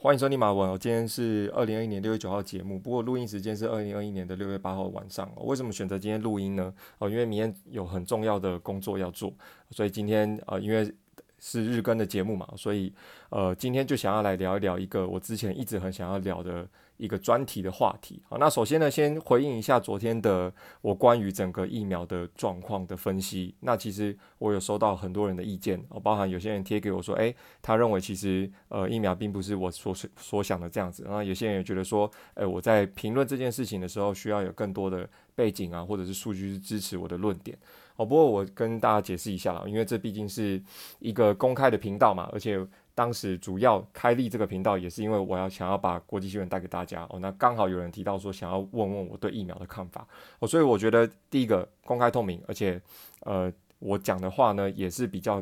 歡迎收聽馬文，我今天是二零二一年六月九號節目，不過錄音時間是二零二一年的六月八號晚上。為什麼選擇今天錄音呢？哦，因為明天有很重要的工作要做，所以今天呃，因為是日更的節目嘛，所以呃，今天就想要來聊一聊一個我之前一直很想要聊的。一個專題的話題。好，那首先呢，先回應一下昨天的我關於整個疫苗的狀況的分析。那其實我有收到很多人的意見，哦，包含有些人貼給我說，誒、欸，他認為其實呃疫苗並不是我所所想的這樣子。然後有些人也覺得說，誒、欸，我在評論這件事情的時候，需要有更多的背景啊，或者是數據支持我的論點。哦，不過我跟大家解釋一下了，因為這畢竟是一個公開的頻道嘛，而且。當時主要開立這個頻道，也是因為我要想要把國際新聞帶給大家哦。那剛好有人提到說，想要問問我對疫苗的看法，哦，所以我覺得第一個公開透明，而且，呃，我講的話呢也是比較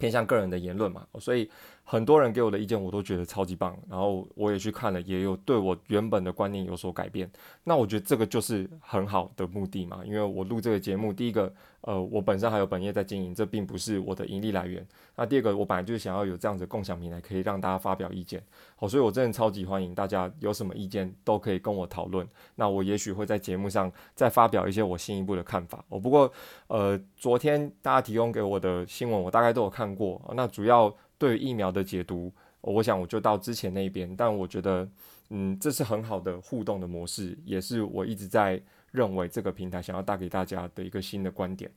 偏向個人的言論嘛，哦，所以。很多人給我的意見，我都覺得超級棒。然後我也去看了，也有對我原本的觀念有所改變。那我覺得這個就是很好的目的嘛。因為我錄這個節目，第一個，呃，我本身還有本業在經營，這並不是我的盈利來源。那第二個，我本來就是想要有這樣子的共享平台，可以讓大家發表意見。好，所以我真的超級歡迎大家有什麼意見都可以跟我討論。那我也許會在節目上再發表一些我進一步的看法。哦，不過，呃，昨天大家提供給我的新聞，我大概都有看過。哦，那主要。對於疫苗的解讀，我想我就到之前那邊，但我覺得，嗯，這是很好的互動的模式，也是我一直在認為這個平台想要帶給大家的一個新的觀點。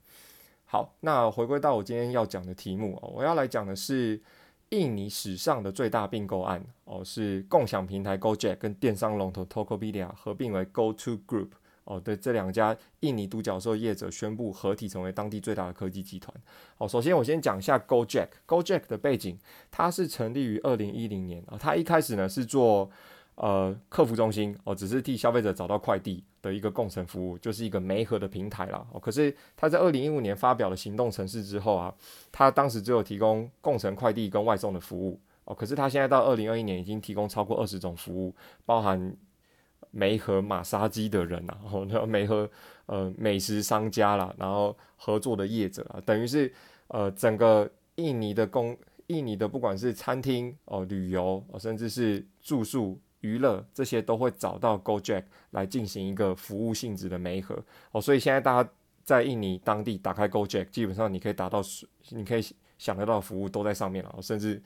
好，那回歸到我今天要講的題目，哦，我要來講的是印尼史上的最大併購案哦，是共享平台 Gojek 跟電商龍頭 Tokopedia，ok，合併為 GoTo Group。哦，對，這兩家印尼獨角獸業者宣布合體，成為當地最大的科技集團。哦，首先我先講一下 Gojek。Gojek 的背景，它是成立於二零一零年啊，哦，它一開始呢是做呃客服中心哦，只是替消費者找到快遞的一個共乘服務，就是一個媒合的平台啦。哦，可是它在二零一五年發表了行動程式之後啊，它當時只有提供共乘快遞跟外送的服務哦，可是它現在到二零二一年已經提供超過二十種服務，包含，媒合馬殺雞的人、啊、然後媒合呃美食商家啦，然後合作的業者啊，等於是呃整個印尼的工，印尼的不管是餐廳哦、呃、旅遊哦、呃，甚至是住宿、娛樂這些，都會找到 Gojek 來進行一個服務性質的媒合哦、呃，所以現在大家在印尼當地打開 Gojek，基本上你可以達到，你可以。想得到的服務都在上面了，甚至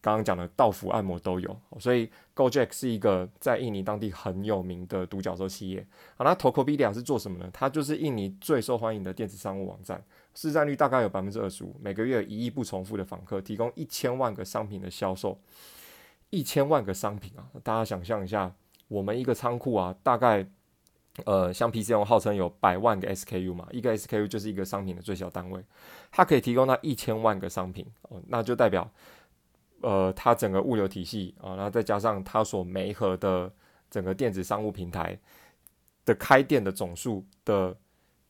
剛剛講的到府按摩都有。所以 Gojek 是一個在印尼當地很有名的獨角獸企業。好，那 Tokopedia 是做什麼呢？它就是印尼最受歡迎的電子商務網站，市佔率大概有百分之二十五，每個月一億不重複的訪客，提供一千萬個商品的銷售，一千萬個商品啊！大家想象一下，我們一個倉庫啊，大概。呃，像 p c o 號稱有百萬個 SKU 嘛，一個 SKU 就是一個商品的最小單位，它可以提供到一千萬個商品哦，那就代表，呃，它整個物流體系啊、哦，然後再加上它所媒合的整個電子商務平台的開店的總數的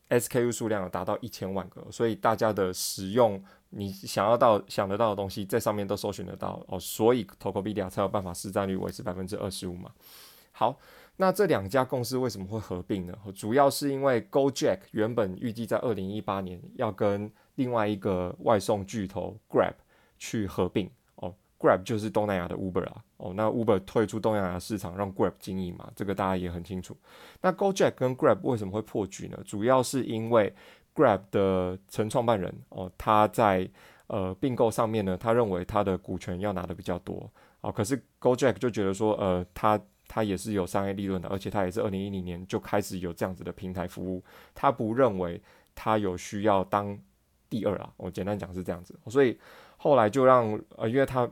SKU 數量達到一千萬個，所以大家的使用你想要到想得到的東西在上面都搜尋得到哦，所以 Tokopedia，OK，才有辦法市占率維持百分之二十五嘛。好，那這兩家公司為什麼會合併呢？主要是因為 Gojek 原本預計在二零一八年要跟另外一個外送巨頭 Grab 去合併哦。Grab 就是東南亞的 Uber 啊，哦，那 Uber 退出東南亞市場，讓 Grab 經營嘛，這個大家也很清楚。那 Gojek 跟 Grab 為什麼會破局呢？主要是因為 Grab 的成創辦人哦，他在呃併購上面呢，他認為他的股權要拿得比較多啊，哦，可是 Gojek 就覺得說，呃，他他也是有商業利潤的，而且他也是二零一零年就開始有這樣子的平台服務。他不認為他有需要當第二啊。我簡單講是這樣子，所以後來就讓呃，因為他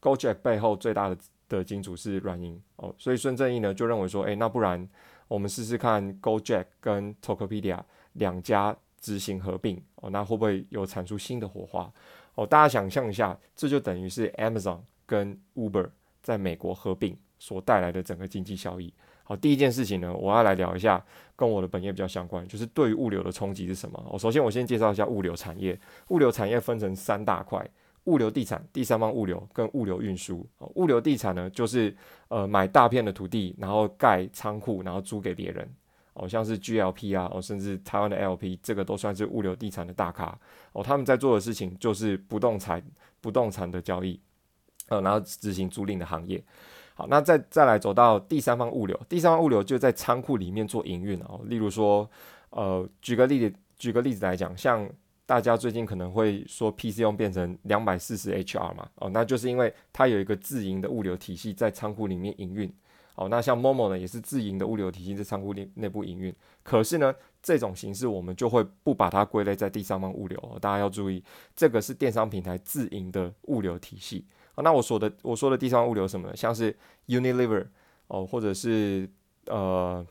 Gojek 背後最大的的金主是軟銀哦，所以孫正義呢就認為說，哎、欸，那不然我們試試看 Gojek 跟 Tokopedia 兩家執行合併哦，那會不會有產出新的火花？哦，大家想象一下，這就等於是 Amazon 跟 Uber 在美國合併。所帶來的整個經濟效益。好，第一件事情呢，我要來聊一下跟我的本業比較相關，就是對於物流的衝擊是什麼？我、哦、首先我先介紹一下物流產業。物流產業分成三大塊：物流地產、第三方物流跟物流運輸。哦，物流地產呢，就是呃買大片的土地，然後蓋倉庫，然後租給別人。哦，像是 GLP 啊，哦甚至台灣的 LP，這個都算是物流地產的大咖。哦，他們在做的事情就是不動產不動產的交易，呃，然後執行租賃的行業。好，那再再來走到第三方物流，第三方物流就在倉庫裡面做營運哦。例如說，呃，舉個例子，舉個例子來講，像大家最近可能會說 PChome 變成兩百四十 HR 嘛，哦，那就是因為它有一個自營的物流體系在倉庫裡面營運。哦，那像 Momo 呢也是自營的物流體系在倉庫內內部營運，可是呢，這種形式我們就會不把它歸類在第三方物流。哦，大家要注意，這個是電商平台自營的物流體系。哦，那我說的我說的第三方物流是什麼呢？像是 Unilever 哦，或者是呃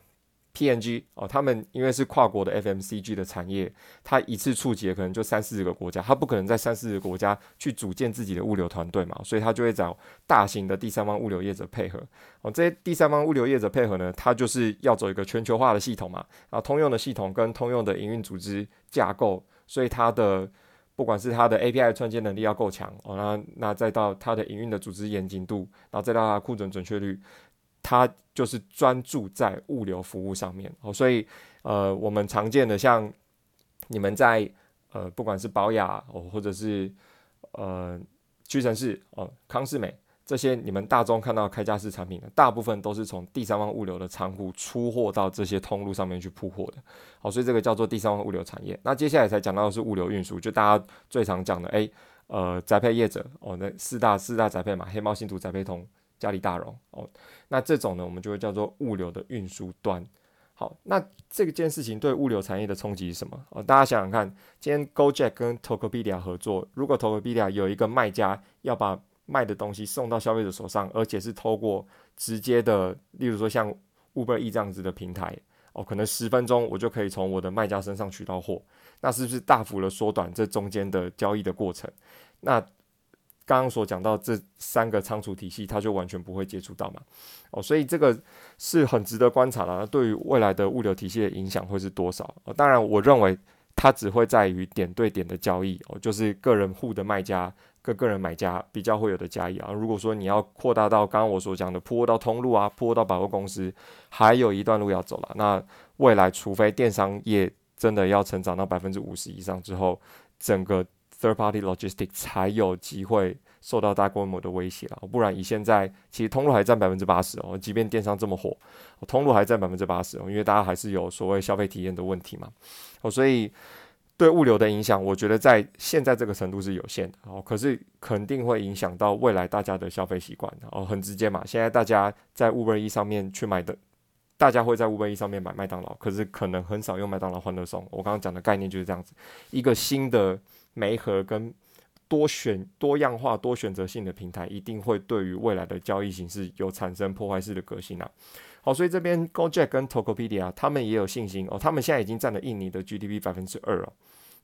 PNG 哦，他們因為是跨國的 FMCG 的產業，它一次觸及可能就三四十個國家，它不可能在三四十個國家去組建自己的物流團隊嘛，所以它就會找大型的第三方物流業者配合。哦，這些第三方物流業者配合呢，它就是要走一個全球化的系統嘛，然後通用的系統跟通用的營運組織架構，所以它的。不管是它的 API 創建能力要夠強哦，那那再到它的營運的組織嚴謹度，然後再到它的庫存準確率，它就是專注在物流服務上面哦。所以呃，我們常見的像你們在呃，不管是寶雅哦，或者是呃屈臣氏哦，康是美。這些你們大眾看到的開架式產品，大部分都是從第三方物流的倉庫出貨到這些通路上面去鋪貨的。好，所以這個叫做第三方物流產業。那接下來才講到的是物流運輸，就大家最常講的，哎、欸，呃，宅配業者哦，那四大四大宅配嘛，黑貓、新竹、宅配通、嘉里大榮哦，那這種呢，我們就會叫做物流的運輸端。好，那這個件事情對物流產業的衝擊是什麼？哦，大家想想看，今天 Gojek 跟 Tokopedia 合作，如果 Tokopedia 有一個賣家要把賣的東西送到消費者手上，而且是透過直接的，例如說像 Uber E 這樣子的平台，哦，可能十分鐘我就可以從我的賣家身上取到貨，那是不是大幅的縮短這中間的交易的過程？那剛剛所講到這三個倉儲體系，它就完全不會接觸到嘛？哦，所以這個是很值得觀察的，對於未來的物流體系的影響會是多少？哦，當然，我認為。它只會在於點對點的交易哦，就是個人戶的賣家跟個人買家比較會有的交易啊。如果說你要擴大到剛剛我所講的鋪貨到通路啊，鋪貨到百貨公司，還有一段路要走了。那未來除非電商業真的要成長到百分之五十以上之後，整個 third party logistics 才有機會。受到大規模的威脅了、啊，不然以現在其實通路還占百分之八十哦，即便電商這麼火，哦、通路還占百分之八十哦，因為大家還是有所謂消費體驗的問題嘛哦，所以對物流的影響，我覺得在現在這個程度是有限的哦，可是肯定會影響到未來大家的消費習慣哦，很直接嘛，現在大家在 Uber Eats 上面去買的，大家會在 Uber Eats 上面買麥當勞，可是可能很少用麥當勞歡樂送。我剛剛講的概念就是這樣子，一個新的媒合跟。多選多樣化、多選擇性的平台，一定會對於未來的交易形式有產生破壞式的革新啊！好，所以這邊 Gojek 跟 Tokopedia、ok、啊，他們也有信心哦，他們現在已經占了印尼的 GDP 百分之二哦，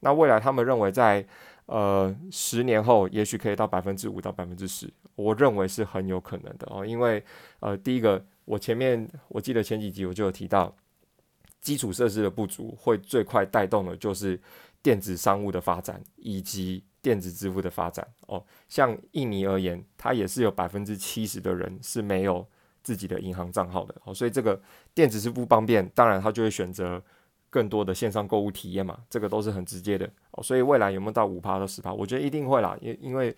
那未來他們認為在呃十年後，也許可以到百分之五到百分之十，我認為是很有可能的哦，因為呃，第一個我前面我記得前幾集我就有提到，基礎設施的不足會最快帶動的就是電子商務的發展以及，電子支付的發展哦，像印尼而言，它也是有百分之七十的人是沒有自己的銀行賬號的哦，所以這個電子支付方便，當然他就會選擇更多的線上購物體驗嘛，這個都是很直接的，哦，所以未來有沒有到五趴到十趴，我覺得一定會啦，因因為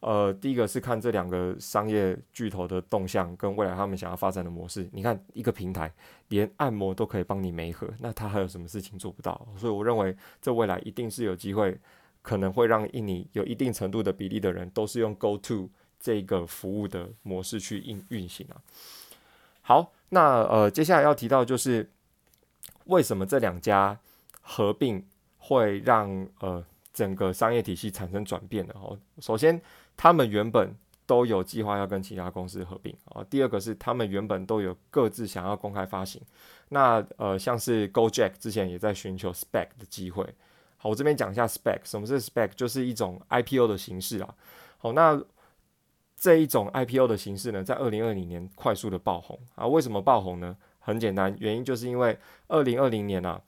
呃，第一個是看這兩個商業巨頭的動向跟未來他們想要發展的模式，你看一個平台連按摩都可以幫你媒合，那他還有什麼事情做不到？所以我認為這未來一定是有機會。可能會讓印尼有一定程度的比例的人都是用 GoTo 這個服務的模式去運運行啊。好，那呃接下來要提到就是為什麼這兩家合併會讓呃整個商業體系產生轉變的哦。首先，他們原本都有計劃要跟其他公司合併啊、哦。第二個是他們原本都有各自想要公開發行。那呃像是 Gojek 之前也在尋求 SPAC 的機會。我這邊講一下 SPAC，什麼是 SPAC？就是一種 IPO 的形式啊。好，那這一種 IPO 的形式呢，在二零二零年快速的爆紅啊。為什麼爆紅呢？很簡單，原因就是因為二零二零年啊，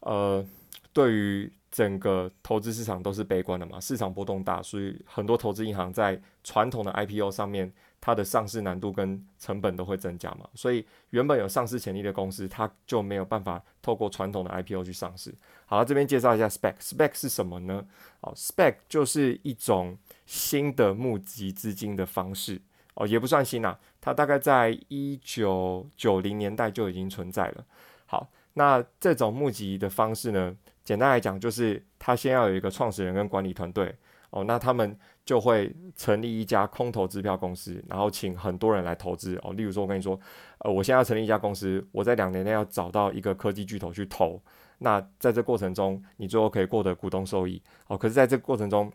呃，對於整個投資市場都是悲觀的嘛，市場波動大，所以很多投資銀行在傳統的 IPO 上面。它的上市難度跟成本都會增加嘛，所以原本有上市潛力的公司，它就沒有辦法透過傳統的 IPO 去上市。好了，這邊介紹一下 SPAC，SPAC 是什麼呢？好，SPAC 就是一種新的募集資金的方式哦，也不算新啦、啊，它大概在一九九零年代就已經存在了。好，那這種募集的方式呢，簡單來講就是它先要有一個創始人跟管理團隊。哦，那他們就會成立一家空頭支票公司，然後請很多人來投資。哦，例如說，我跟你說，呃，我現在要成立一家公司，我在兩年內要找到一個科技巨頭去投。那在這過程中，你最後可以獲得股東收益。哦，可是在這過程中，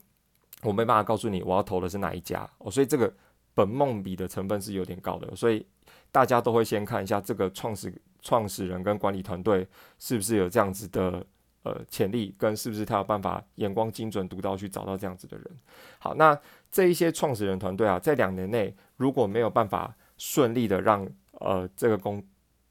我沒辦法告訴你我要投的是哪一家。哦，所以這個本夢比的成分是有點高的，所以大家都會先看一下這個創始創始人跟管理團隊是不是有這樣子的。呃，潛力跟是不是他有辦法眼光精準獨到去找到這樣子的人？好，那這一些創始人團隊啊，在兩年內如果沒有辦法順利的讓呃這個公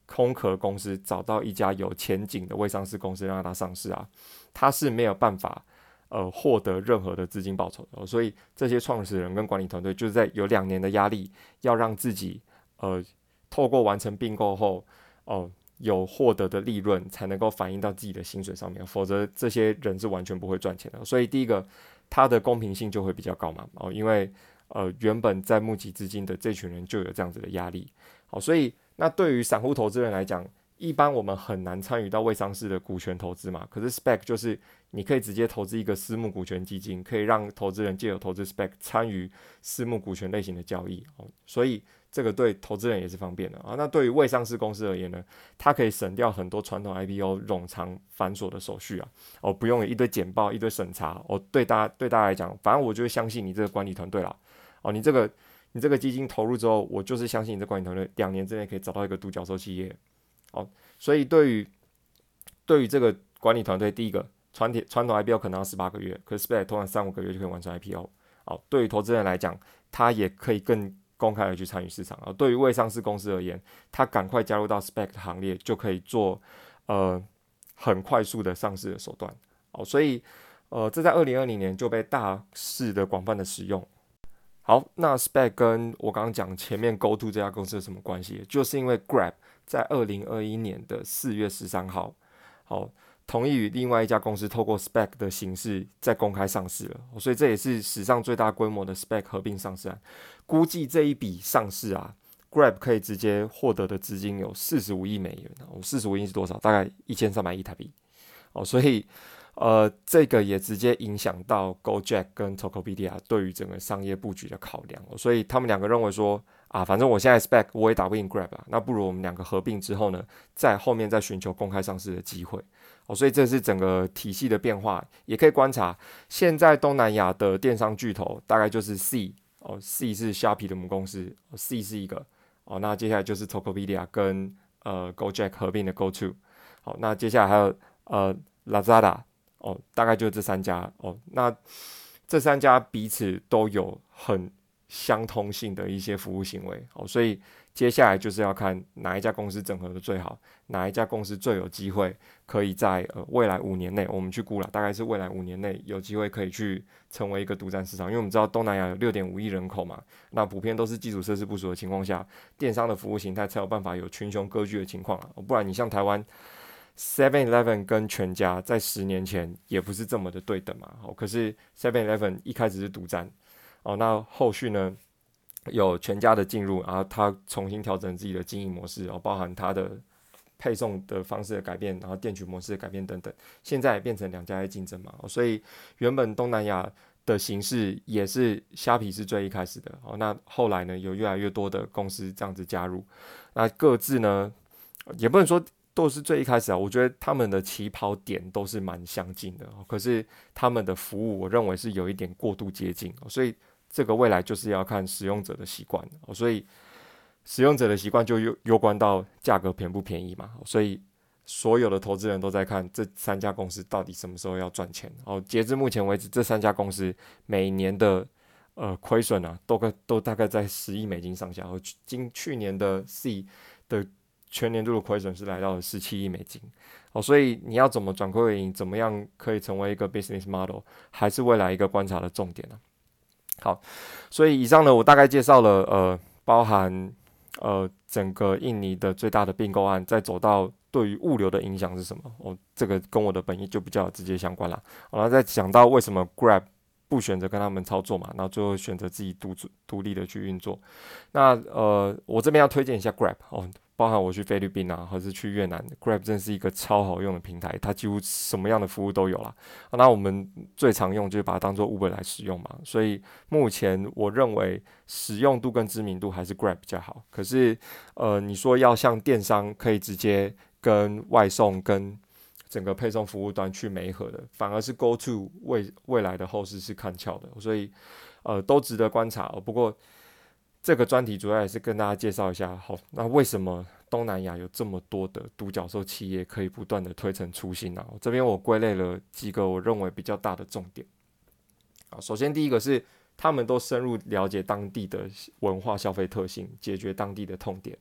空殼公司找到一家有前景的未上市公司讓它上市啊，他是沒有辦法呃獲得任何的資金報酬的。所以這些創始人跟管理團隊就是在有兩年的壓力，要讓自己呃透過完成併購後哦。呃有獲得的利潤才能夠反映到自己的薪水上面，否則這些人是完全不會賺錢的。所以第一個，它的公平性就會比較高嘛，哦，因為呃原本在募集資金的這群人就有這樣子的壓力。好，所以那對於散戶投資人來講，一般我們很難參與到未上市的股權投資嘛，可是 SPAC 就是你可以直接投資一個私募股權基金，可以讓投資人借由投資 SPAC 參與私募股權類型的交易。哦，所以。這個對投資人也是方便的啊。那對於未上市公司而言呢，它可以省掉很多傳統 IPO 冗長繁瑣的手續啊。哦，不用一堆簡報，一堆審查。哦，對大家對大家來講，反正我就是相信你這個管理團隊了。哦，你這個你這個基金投入之後，我就是相信你這管理團隊兩年之內可以找到一個獨角獸企業。哦，所以對於對於這個管理團隊，第一個傳統傳統 IPO 可能要十八個月，可是 SPAC 通常三五個月就可以完成 IPO。哦，對於投資人來講，他也可以更。公開的去參與市場啊，對於未上市公司而言，他趕快加入到 SPAC 的行列，就可以做呃很快速的上市的手段。好，所以呃，這在二零二零年就被大肆的廣泛的使用。好，那 SPAC 跟我剛剛講前面 GoTo 這家公司有什麼關係？就是因為 Grab 在二零二一年的四月十三號，好。同意與另外一家公司透過 SPAC 的形式再公開上市了，所以這也是史上最大規模的 SPAC 合併上市案。估計這一筆上市啊，啊，Grab 可以直接獲得的資金有四十五億美元。哦。四十五億是多少？大概一千三百億台幣。哦，所以呃，這個也直接影響到 Gojek 跟 Tokopedia 對於整個商業佈局的考量。所以他們兩個認為說啊，反正我現在 SPAC 我也打不贏 Grab 啊，那不如我們兩個合併之後呢，在後面再尋求公開上市的機會。哦，所以這是整個體系的變化，也可以觀察。現在東南亞的電商巨頭大概就是 C，哦，C 是蝦皮，e，的母公司，哦，C 是一個，哦，那接下來就是 Tokopedia 跟呃 Gojek 合併的 GoTo，好，哦，那接下來還有呃 Lazada，哦，大概就這三家，哦，那這三家彼此都有很相通性的一些服務行為，哦，所以。接下來就是要看哪一家公司整合的最好，哪一家公司最有機會可以在呃未來五年內，我們去估了，大概是未來五年內有機會可以去成為一個獨占市場，因為我們知道東南亞有六點五億人口嘛，那普遍都是基礎設施不足的情況下，電商的服務形態才有辦法有群雄割據的情況啊，不然你像台灣 Seven Eleven 跟全家在十年前也不是這麼的對等嘛，好，可是 Seven Eleven 一開始是獨占，哦，那後續呢？有全家的進入，然後他重新調整自己的經營模式，包含他的配送的方式的改變，然後店取模式的改變等等，現在也變成兩家在競爭嘛，所以原本東南亞的形式也是蝦皮是最一開始的哦，那後來呢，有越來越多的公司這樣子加入，那各自呢也不能說都是最一開始啊，我覺得他們的起跑點都是蠻相近的，可是他們的服務，我認為是有一點過度接近，所以。這個未來就是要看使用者的習慣哦，所以使用者的習慣就攸攸關到價格便不便宜嘛。哦、所以所有的投資人都在看這三家公司到底什麼時候要賺錢哦。截至目前為止，這三家公司每年的呃虧損啊，都都大概在十億美金上下。而今去，去年的 C 的全年度的虧損是來到了十七億美金。哦，所以你要怎麼轉虧為盈，怎麼樣可以成為一個 business model，還是未來一個觀察的重點呢、啊？好，所以以上呢，我大概介紹了，呃，包含，呃，整個印尼的最大的併購案，再走到對於物流的影響是什麼，哦，這個跟我的本意就比較直接相關了。然後再講到為什麼 Grab 不選擇跟他們操作嘛，然後最後選擇自己獨獨立的去運作。那呃，我這邊要推薦一下 Grab 哦。包含我去菲律賓啊，或者是去越南，Grab 真是一個超好用的平台，它幾乎什麼樣的服務都有啦，啊。那我們最常用就是把它當做 Uber 來使用嘛，所以目前我認為使用度跟知名度還是 Grab 比較好。可是，呃，你說要像電商可以直接跟外送跟整個配送服務端去媒合的，反而是 GoTo 未未來的後市是看俏的，所以，呃，都值得觀察哦。不過。這個專題主要也是跟大家介紹一下，好，那為什麼東南亞有這麼多的獨角獸企業可以不斷的推陳出新呢？這邊我歸類了幾個我認為比較大的重點。首先第一個是他們都深入了解當地的文化消費特性，解決當地的痛點。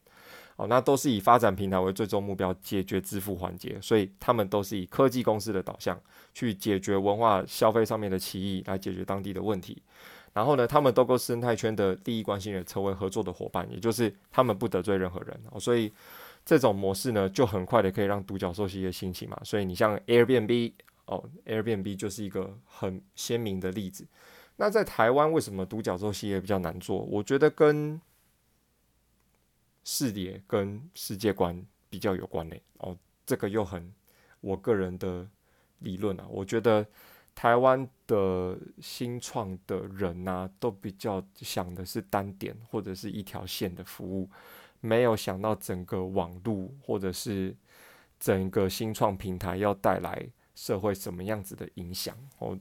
哦，那都是以發展平台為最終目標，解決支付環節，所以他們都是以科技公司的導向去解決文化消費上面的歧義，來解決當地的問題。然後呢，他們都跟生態圈的利益關係人，成為合作的夥伴，也就是他們不得罪任何人。哦，所以這種模式呢，就很快的可以讓獨角獸系列興起嘛。所以你像 Airbnb 哦，Airbnb 就是一個很鮮明的例子。那在台灣為什麼獨角獸系列比較難做？我覺得跟視野跟世界觀比較有關嘞、欸，哦，這個又很我個人的理論啊，我覺得台灣的新創的人吶、啊，都比較想的是單點或者是一條線的服務，沒有想到整個網路或者是整個新創平台要帶來社會什麼樣子的影響，哦，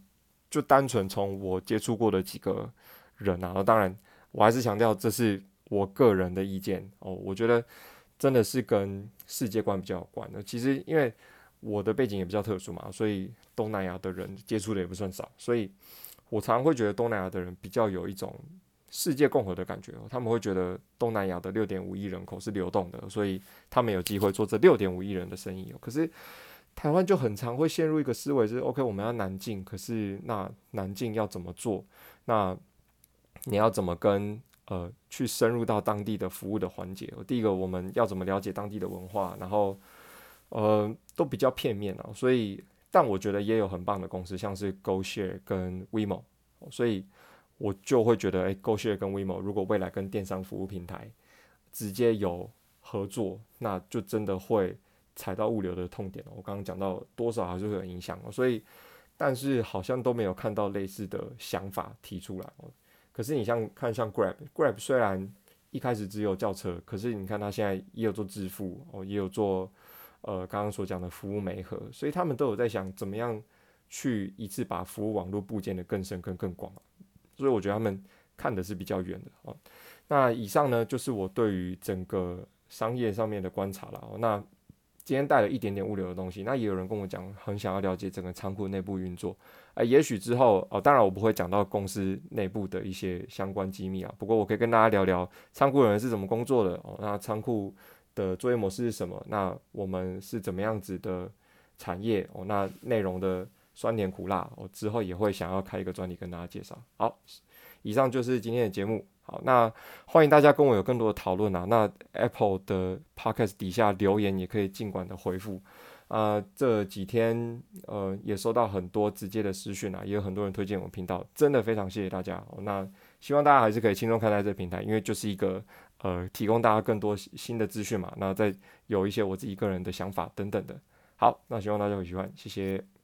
就單純從我接觸過的幾個人吶、啊哦，當然我還是強調這是。我個人的意見哦，我覺得真的是跟世界觀比較有關的。其實因為我的背景也比較特殊嘛，所以東南亞的人接觸的也不算少，所以我常常會覺得東南亞的人比較有一種世界共和的感覺哦。他們會覺得東南亞的六點五億人口是流動的，所以他們有機會做這六點五億人的生意哦。可是台灣就很常會陷入一個思維，是 OK 我們要南進，可是那南進要怎麼做？那你要怎麼跟？呃，去深入到當地的服務的環節、哦。第一個，我們要怎麼了解當地的文化？然後，呃，都比較片面啊、哦。所以，但我覺得也有很棒的公司，像是 GoShare 跟 WeMo、哦。所以我就會覺得，哎、欸、，GoShare 跟 WeMo 如果未來跟電商服務平台直接有合作，那就真的會踩到物流的痛點了、哦。我剛剛講到多少還是會有影響哦，所以，但是好像都沒有看到類似的想法提出來、哦。可是你像看像 Grab，Grab 雖然一開始只有叫車，可是你看它現在也有做支付哦，也有做呃剛剛所講的服務媒合，所以他們都有在想怎麼樣去一次把服務網絡布建的更深、更更廣啊。所以我覺得他們看的是比較遠的哦。那以上呢就是我對於整個商業上面的觀察了哦。那今天帶了一點點物流的東西，那也有人跟我講，很想要了解整個倉庫內部運作。哎、欸，也許之後哦，當然我不會講到公司內部的一些相關機密啊。不過我可以跟大家聊聊倉庫的人是怎麼工作的哦，那倉庫的作業模式是什麼？那我們是怎麼樣子的產業哦？那內容的酸甜苦辣，我、哦、之後也會想要開一個專題跟大家介紹。好，以上就是今天的節目。好，那歡迎大家跟我有更多的討論啊。那 Apple 的 Podcast 底下留言也可以儘管的回復。呃，這幾天呃也收到很多直接的私訊啊，也有很多人推薦我們頻道，真的非常謝謝大家，哦。那希望大家還是可以輕鬆看待這個平台，因為就是一個呃提供大家更多新的資訊嘛。那再有一些我自己個人的想法等等的。好，那希望大家會喜歡，謝謝。